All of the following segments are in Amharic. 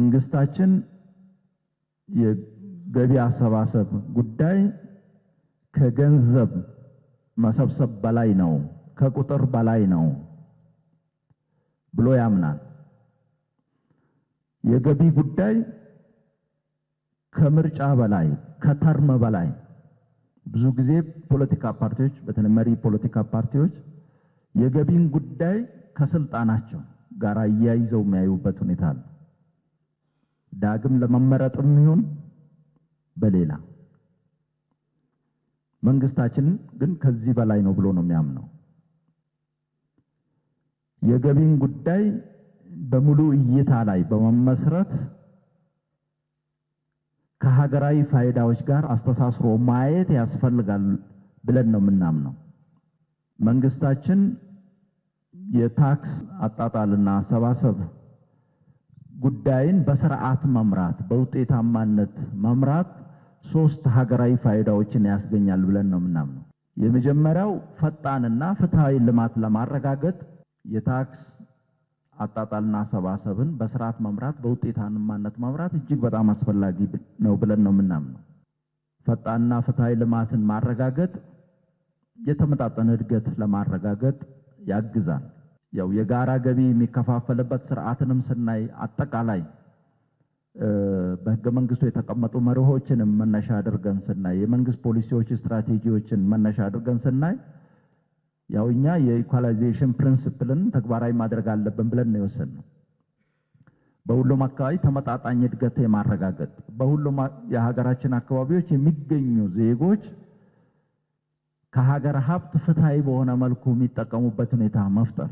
መንግስታችን የገቢ አሰባሰብ ጉዳይ ከገንዘብ መሰብሰብ በላይ ነው፣ ከቁጥር በላይ ነው ብሎ ያምናል። የገቢ ጉዳይ ከምርጫ በላይ ከተርም በላይ ብዙ ጊዜ ፖለቲካ ፓርቲዎች በተለይ መሪ ፖለቲካ ፓርቲዎች የገቢን ጉዳይ ከስልጣናቸው ጋር እያይዘው የሚያዩበት ሁኔታ አለ። ዳግም ለመመረጥም ይሁን በሌላ መንግስታችን ግን ከዚህ በላይ ነው ብሎ ነው የሚያምነው። የገቢን ጉዳይ በሙሉ እይታ ላይ በመመስረት ከሀገራዊ ፋይዳዎች ጋር አስተሳስሮ ማየት ያስፈልጋል ብለን ነው የምናምነው። መንግስታችን የታክስ አጣጣልና አሰባሰብ ጉዳይን በስርዓት መምራት በውጤታማነት መምራት ሶስት ሀገራዊ ፋይዳዎችን ያስገኛል ብለን ነው የምናምነው። የመጀመሪያው ፈጣንና ፍትሐዊ ልማት ለማረጋገጥ የታክስ አጣጣልና አሰባሰብን በስርዓት መምራት በውጤታማነት መምራት እጅግ በጣም አስፈላጊ ነው ብለን ነው የምናምነው። ፈጣንና ፍትሐዊ ልማትን ማረጋገጥ የተመጣጠነ እድገት ለማረጋገጥ ያግዛል። ያው የጋራ ገቢ የሚከፋፈልበት ስርዓትንም ስናይ አጠቃላይ በህገ መንግስቱ የተቀመጡ መርሆችንም መነሻ አድርገን ስናይ የመንግስት ፖሊሲዎች፣ ስትራቴጂዎችን መነሻ አድርገን ስናይ ያው እኛ የኢኳላይዜሽን ፕሪንስፕልን ተግባራዊ ማድረግ አለብን ብለን ነው የወሰንነው። በሁሉም አካባቢ ተመጣጣኝ እድገት የማረጋገጥ በሁሉም የሀገራችን አካባቢዎች የሚገኙ ዜጎች ከሀገር ሀብት ፍትሐዊ በሆነ መልኩ የሚጠቀሙበት ሁኔታ መፍጠር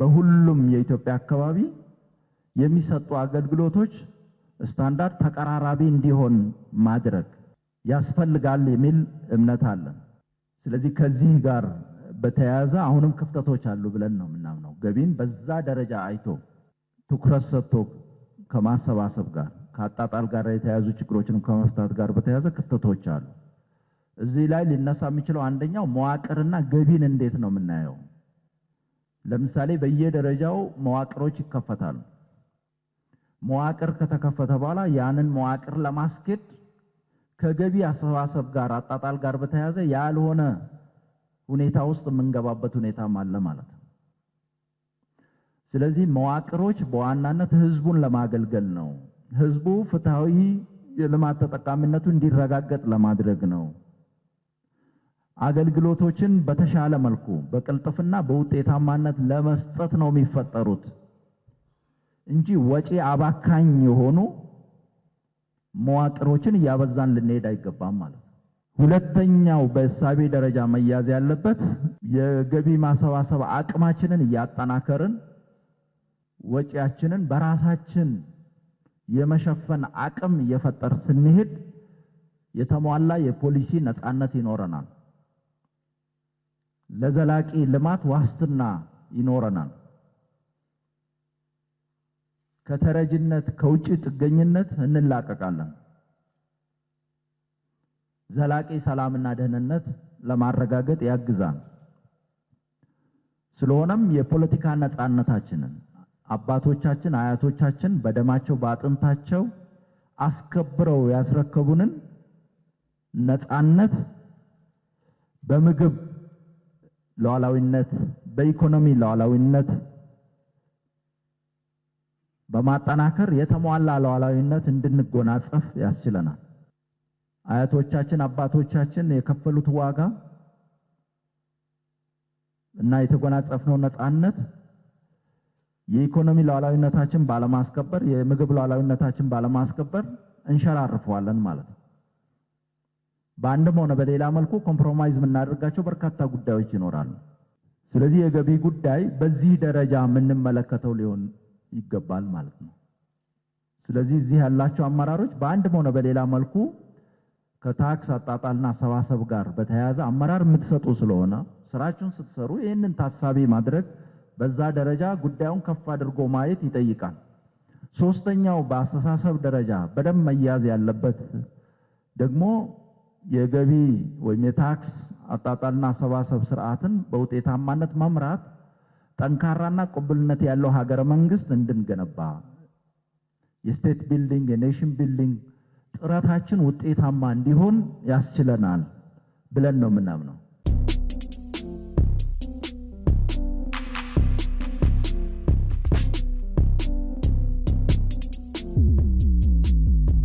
በሁሉም የኢትዮጵያ አካባቢ የሚሰጡ አገልግሎቶች ስታንዳርድ ተቀራራቢ እንዲሆን ማድረግ ያስፈልጋል የሚል እምነት አለን። ስለዚህ ከዚህ ጋር በተያያዘ አሁንም ክፍተቶች አሉ ብለን ነው የምናምነው። ገቢን በዛ ደረጃ አይቶ ትኩረት ሰጥቶ ከማሰባሰብ ጋር ከአጣጣል ጋር የተያያዙ ችግሮችንም ከመፍታት ጋር በተያያዘ ክፍተቶች አሉ። እዚህ ላይ ሊነሳ የሚችለው አንደኛው መዋቅርና ገቢን እንዴት ነው የምናየው ለምሳሌ በየደረጃው መዋቅሮች ይከፈታሉ። መዋቅር ከተከፈተ በኋላ ያንን መዋቅር ለማስኬድ ከገቢ አሰባሰብ ጋር አጣጣል ጋር በተያያዘ ያልሆነ ሁኔታ ውስጥ የምንገባበት ሁኔታም አለ ማለት ነው። ስለዚህ መዋቅሮች በዋናነት ህዝቡን ለማገልገል ነው። ህዝቡ ፍትሐዊ የልማት ተጠቃሚነቱ እንዲረጋገጥ ለማድረግ ነው። አገልግሎቶችን በተሻለ መልኩ በቅልጥፍና በውጤታማነት ለመስጠት ነው የሚፈጠሩት እንጂ ወጪ አባካኝ የሆኑ መዋቅሮችን እያበዛን ልንሄድ አይገባም ማለት ነው። ሁለተኛው በእሳቤ ደረጃ መያዝ ያለበት የገቢ ማሰባሰብ አቅማችንን እያጠናከርን ወጪያችንን በራሳችን የመሸፈን አቅም እየፈጠር ስንሄድ የተሟላ የፖሊሲ ነፃነት ይኖረናል። ለዘላቂ ልማት ዋስትና ይኖረናል። ከተረጅነት፣ ከውጭ ጥገኝነት እንላቀቃለን። ዘላቂ ሰላምና ደህንነት ለማረጋገጥ ያግዛል። ስለሆነም የፖለቲካ ነጻነታችንን አባቶቻችን፣ አያቶቻችን በደማቸው በአጥንታቸው አስከብረው ያስረከቡንን ነጻነት በምግብ ሉዓላዊነት፣ በኢኮኖሚ ሉዓላዊነት በማጠናከር የተሟላ ሉዓላዊነት እንድንጎናጸፍ ያስችለናል። አያቶቻችን አባቶቻችን የከፈሉት ዋጋ እና የተጎናጸፍነው ነጻነት የኢኮኖሚ ሉዓላዊነታችን ባለማስከበር፣ የምግብ ሉዓላዊነታችን ባለማስከበር እንሸራርፈዋለን ማለት ነው። በአንድም ሆነ በሌላ መልኩ ኮምፕሮማይዝ የምናደርጋቸው በርካታ ጉዳዮች ይኖራሉ። ስለዚህ የገቢ ጉዳይ በዚህ ደረጃ የምንመለከተው ሊሆን ይገባል ማለት ነው። ስለዚህ እዚህ ያላቸው አመራሮች በአንድም ሆነ በሌላ መልኩ ከታክስ አጣጣልና አሰባሰብ ጋር በተያያዘ አመራር የምትሰጡ ስለሆነ ስራችሁን ስትሰሩ ይህንን ታሳቢ ማድረግ በዛ ደረጃ ጉዳዩን ከፍ አድርጎ ማየት ይጠይቃል። ሶስተኛው በአስተሳሰብ ደረጃ በደንብ መያዝ ያለበት ደግሞ የገቢ ወይም የታክስ አጣጣልና አሰባሰብ ስርዓትን በውጤታማነት መምራት ጠንካራና ቅቡልነት ያለው ሀገረ መንግስት እንድንገነባ የስቴት ቢልዲንግ የኔሽን ቢልዲንግ ጥረታችን ውጤታማ እንዲሆን ያስችለናል ብለን ነው የምናምነው።